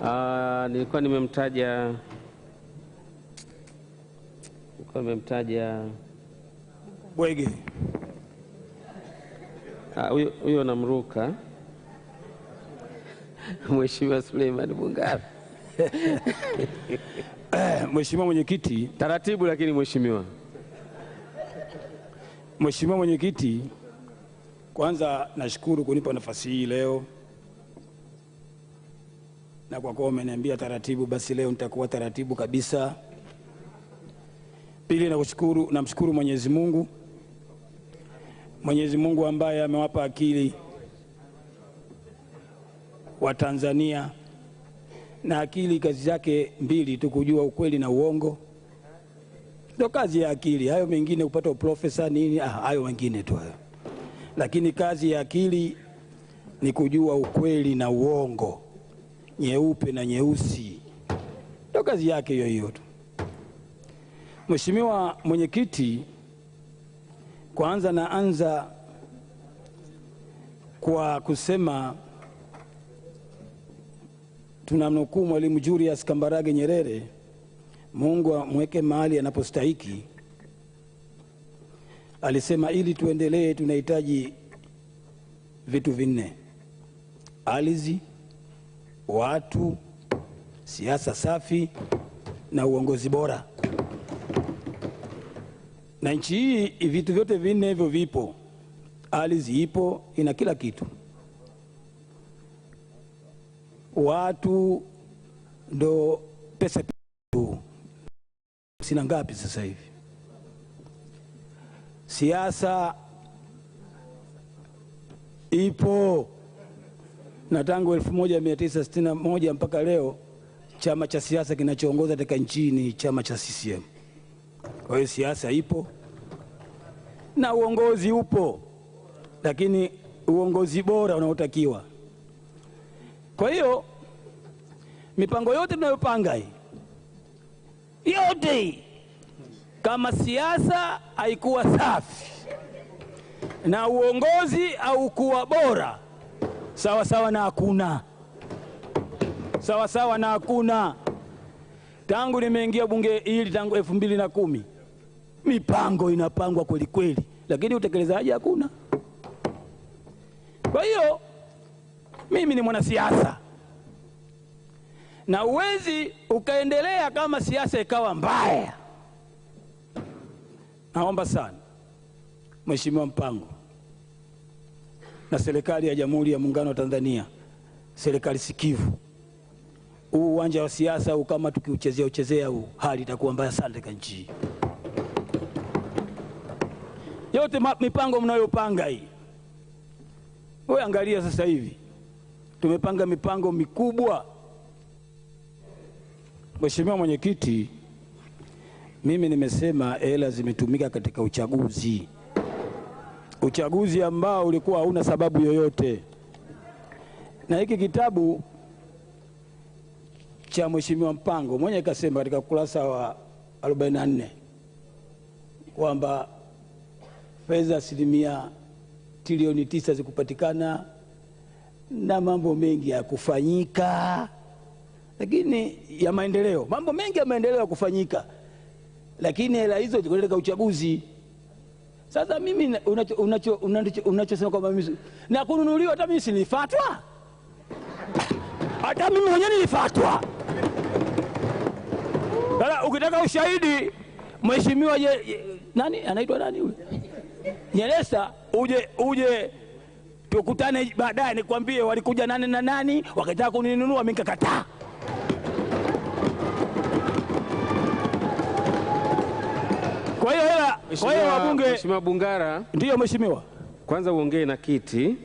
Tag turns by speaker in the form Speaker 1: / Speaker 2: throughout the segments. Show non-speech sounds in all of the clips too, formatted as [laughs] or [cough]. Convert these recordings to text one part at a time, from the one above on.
Speaker 1: Uh, nilikuwa nimemtaja nilikuwa nimemtaja Bwege ah, huyo namruka Mheshimiwa Suleiman Bungaru
Speaker 2: eh, Mheshimiwa Mwenyekiti,
Speaker 1: taratibu lakini mheshimiwa.
Speaker 2: Mheshimiwa Mwenyekiti, kwanza nashukuru kunipa nafasi hii leo na kwa kuwa umeniambia taratibu, basi leo nitakuwa taratibu kabisa. Pili, nakushukuru, namshukuru Mwenyezi Mungu, Mwenyezi Mungu ambaye amewapa akili wa Tanzania, na akili kazi zake mbili tu, kujua ukweli na uongo, ndo kazi ya akili. Hayo mengine kupata uprofesa nini, ah, hayo mengine tu hayo, lakini kazi ya akili ni kujua ukweli na uongo nyeupe na nyeusi, ndio kazi yake hiyo hiyo tu. Mheshimiwa Mwenyekiti, kwanza naanza kwa kusema tunamnukuu Mwalimu Julius Kambarage Nyerere, Mungu amweke mahali anapostahiki, alisema ili tuendelee tunahitaji vitu vinne: ardhi watu, siasa safi na uongozi bora. Na nchi hii vitu vyote vinne hivyo vipo, hali ipo, ina kila kitu. Watu ndo pesa sina ngapi sasa hivi. Siasa ipo na tangu 1961 mpaka leo chama cha siasa kinachoongoza katika nchi ni chama cha CCM. Kwa hiyo siasa ipo na uongozi upo, lakini uongozi bora unaotakiwa. Kwa hiyo mipango yote tunayopanga hii yote kama siasa haikuwa safi na uongozi haukuwa bora sawa sawa na hakuna, sawa sawa na hakuna. Tangu nimeingia bunge hili tangu elfu mbili na kumi mipango inapangwa kweli kweli, lakini utekelezaji hakuna. Kwa hiyo mimi ni mwanasiasa na uwezi ukaendelea kama siasa ikawa mbaya. Naomba sana Mheshimiwa Mpango, na serikali ya Jamhuri ya Muungano wa Tanzania, serikali sikivu. Huu uwanja wa siasa huu kama tukiuchezea uchezea huu, hali itakuwa mbaya sana katika nchi yote. Mipango mnayopanga hii, wewe angalia sasa hivi tumepanga mipango mikubwa. Mheshimiwa Mwenyekiti, mimi nimesema hela zimetumika katika uchaguzi uchaguzi ambao ulikuwa hauna sababu yoyote. Na hiki kitabu cha Mheshimiwa Mpango mwenye kasema katika ukurasa wa 44 kwamba fedha asilimia trilioni tisa zikupatikana na mambo mengi ya kufanyika, lakini ya maendeleo, mambo mengi ya maendeleo ya kufanyika, lakini hela hizo zikaenda uchaguzi. Sasa mimi unachosema unacho, unacho, kwamba mimi na kununuliwa, hata mimi sinifatwa, hata mimi mwenyewe nilifatwa. Sasa ukitaka ushahidi, mheshimiwa nani anaitwa nani huyo Nyeresa, uje uje tukutane baadaye, nikwambie walikuja nani na nani wakitaka kuninunua, mimi nikakataa. Kwa hiyo wabunge,
Speaker 1: Mheshimiwa Bungara,
Speaker 2: ndiyo mheshimiwa,
Speaker 1: kwanza uongee na kiti.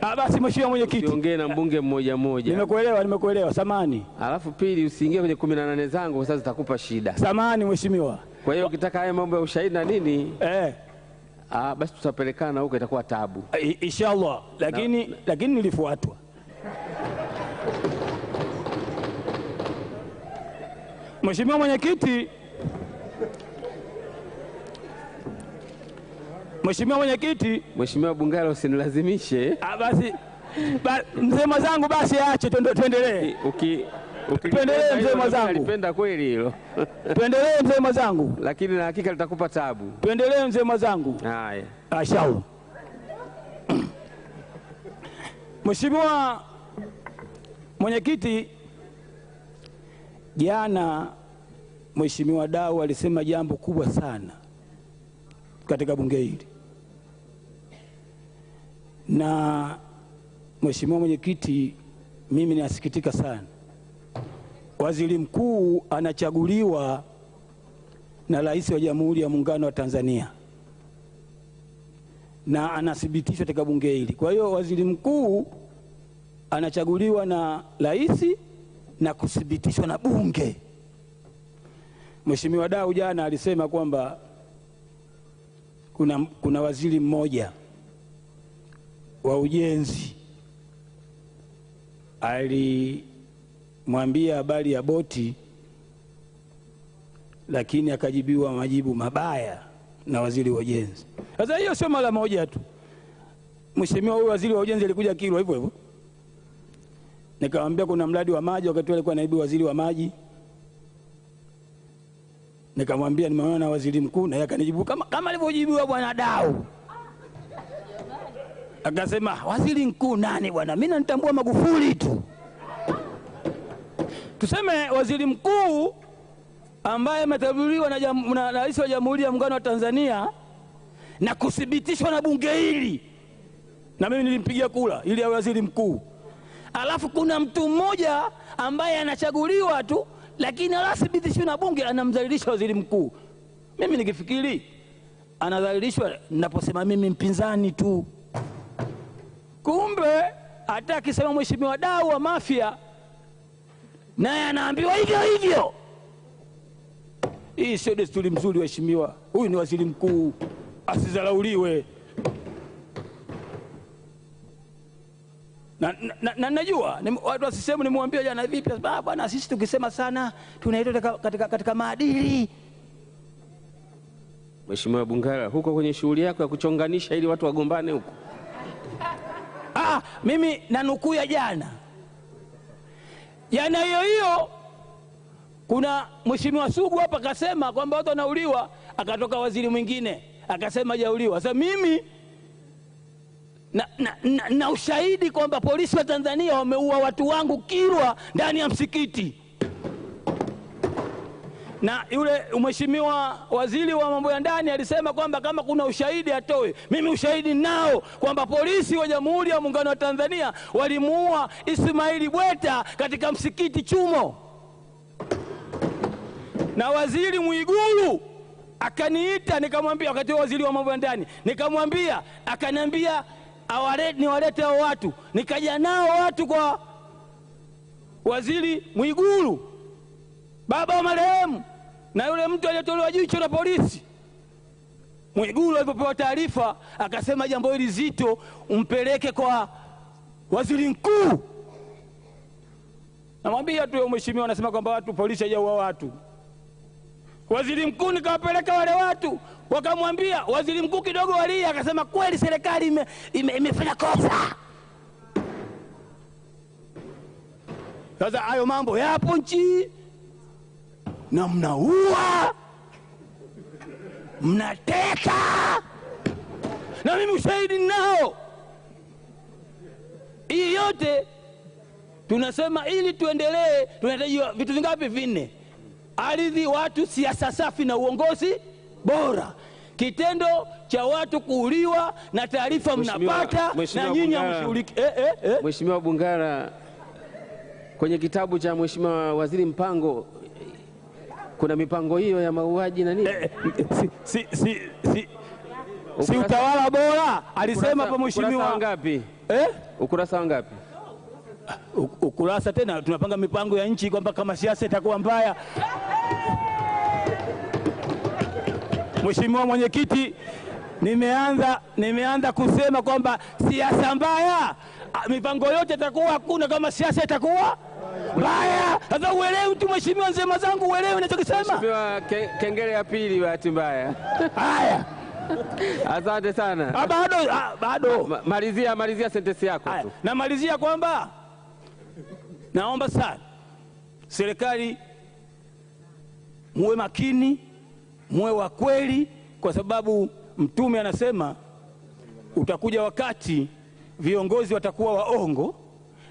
Speaker 2: Ah, basi mheshimiwa mwenyekiti,
Speaker 1: usiongee na mbunge mmoja mmoja.
Speaker 2: Nimekuelewa, nimekuelewa, samani.
Speaker 1: Alafu pili, usiingie kwenye kumi na nane zangu kwa sababu zitakupa shida.
Speaker 2: Samani mheshimiwa.
Speaker 1: Kwa hiyo ukitaka haya mambo ya ushahidi na nini eh. Ah, basi tutapelekana huko, itakuwa tabu
Speaker 2: inshallah, lakini na, lakini nilifuatwa mheshimiwa mwenyekiti Mheshimiwa mwenyekiti,
Speaker 1: Mheshimiwa Bungalo, usinilazimishe.
Speaker 2: Ah, basi ba, mzee mwenzangu basi aache tuendelee. Uki tuendelee mzee mwenzangu.
Speaker 1: Nalipenda kweli hilo.
Speaker 2: [laughs] tuendelee mzee mwenzangu.
Speaker 1: Lakini na hakika litakupa tabu.
Speaker 2: Tuendelee mzee mwenzangu. Haya. Ashau. Mheshimiwa mwenyekiti, jana Mheshimiwa Dau alisema jambo kubwa sana katika bunge hili. Na Mheshimiwa Mwenyekiti, mimi nasikitika sana, waziri mkuu anachaguliwa na rais wa Jamhuri ya Muungano wa Tanzania na anathibitishwa katika bunge hili. Kwa hiyo waziri mkuu anachaguliwa na rais na kuthibitishwa na bunge. Mheshimiwa Dau jana alisema kwamba kuna, kuna waziri mmoja wa ujenzi alimwambia habari ya boti, lakini akajibiwa majibu mabaya na waziri wa ujenzi. Sasa hiyo sio mara moja tu, mheshimiwa huyu waziri wa ujenzi alikuja Kilwa hivyo hivyo, nikamwambia kuna mradi wa maji, wakati alikuwa naibu waziri wa maji nikamwambia nimeona na waziri mkuu, yeye akanijibu kama, kama alivyojibiwa bwana Dau akasema waziri mkuu nani bwana, mimi nantambua Magufuli tu. Tuseme waziri mkuu ambaye ameteuliwa na rais wa Jamhuri ya Muungano wa Tanzania na kuthibitishwa na bunge hili, na mimi nilimpigia kura ili awe waziri mkuu. Alafu kuna mtu mmoja ambaye anachaguliwa tu, lakini alathibitishwi na bunge, anamdhalilisha waziri mkuu. Mimi nikifikiri anadhalilishwa naposema mimi mpinzani tu. Kumbe hata akisema mheshimiwa dau wa Mafia naye anaambiwa hivyo hivyo. Hii sio desturi mzuri, waheshimiwa. Huyu ni waziri mkuu, asizalauliwe. na, na, na najua watu wasisehemu nimwambia jana vipi, ah, bwana, sisi tukisema sana tunaitwa katika, katika, katika maadili.
Speaker 1: Mheshimiwa Bungara, huko kwenye shughuli yako ya kuchonganisha ili watu wagombane huko
Speaker 2: ah, mimi nanukuu ya jana jana hiyo hiyo. Kuna mheshimiwa Sugu hapa akasema kwamba watu wanauliwa, akatoka waziri mwingine akasema hajauliwa. Sasa mimi na, na, na, na ushahidi kwamba polisi wa Tanzania wameua watu wangu Kilwa ndani ya msikiti na yule mheshimiwa waziri wa mambo ya ndani alisema kwamba kama kuna ushahidi atoe. Mimi ushahidi nao kwamba polisi wa Jamhuri ya Muungano wa Tanzania walimuua Ismaili Bweta katika msikiti Chumo, na waziri Mwigulu akaniita nikamwambia, wakati wa waziri wa mambo ya ndani nikamwambia, akaniambia niwalete hao watu, nikaja nao watu kwa waziri Mwigulu baba wa marehemu na yule mtu aliyetolewa jicho na polisi. Mwigulu alipopewa taarifa akasema jambo hili zito, umpeleke kwa waziri mkuu. Namwambia tu mheshimiwa, anasema kwamba watu polisi hajaua watu. Waziri mkuu nikawapeleka wale watu, wakamwambia waziri mkuu kidogo walia, akasema kweli serikali ime, ime, imefanya kosa. Sasa hayo mambo yapo nchi na mnaua, mnateka, na mimi ushahidi ninao. Hii yote tunasema, ili tuendelee tunahitaji vitu vingapi? Vinne: ardhi, watu, siasa safi na uongozi bora. Kitendo cha watu kuuliwa na taarifa mnapata na nyinyi hamshughuliki.
Speaker 1: Eh, eh, eh. Mheshimiwa Bungara, kwenye kitabu cha Mheshimiwa Waziri Mpango kuna mipango hiyo ya mauaji na nini
Speaker 2: eh, si, si, si, si. si utawala bora alisema pa mheshimiwa ngapi eh?
Speaker 1: ukurasa ngapi
Speaker 2: ukurasa tena tunapanga mipango ya nchi kwamba kama siasa itakuwa mbaya Mheshimiwa mwenyekiti nimeanza nimeanza kusema kwamba siasa mbaya mipango yote itakuwa hakuna kama siasa itakuwa mbaya. Sasa uelewi tu mheshimiwa, nzema zangu, uelewi ninachokisema.
Speaker 1: Mheshimiwa, kengele ya pili, bahati mbaya. Haya. Asante sana.
Speaker 2: A, ah, bado a, ah, bado
Speaker 1: ma, malizia, malizia sentensi yako tu.
Speaker 2: Namalizia kwamba naomba sana serikali muwe makini, muwe wa kweli, kwa sababu Mtume anasema utakuja wakati viongozi watakuwa waongo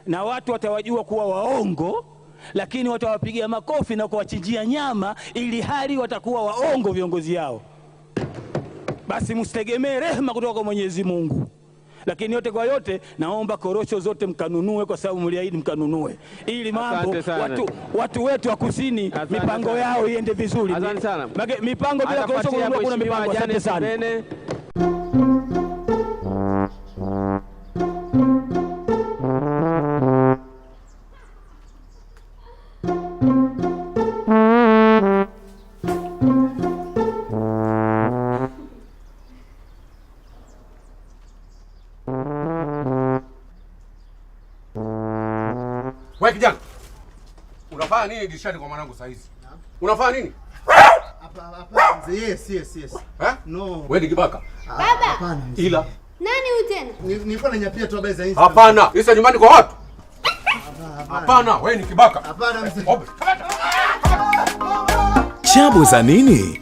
Speaker 2: na watu watawajua kuwa waongo, lakini watawapigia makofi na kuwachinjia nyama, ili hali watakuwa waongo viongozi yao. Basi msitegemee rehema kutoka kwa Mwenyezi Mungu. Lakini yote kwa yote, naomba korosho zote mkanunue, kwa sababu mliahidi mkanunue, ili mambo watu, watu wetu wa kusini mipango yao iende vizuri. Mipango bila korosho kuna mipango. Asante sana. Wewe kijana. Unafanya nini dirishani kwa mwanangu saa hizi? Unafanya nini? Hapa hapa Yes, yes, yes. Eh? No. Wewe ni kibaka. Ah, Baba. Hapana. Ila. Nani huyu tena? Nilikuwa nanyapia tu habari za Insta. Hapana. Isa nyumbani kwa watu. Hapana, wewe ni kibaka. Hapana mzee. Chabu za nini?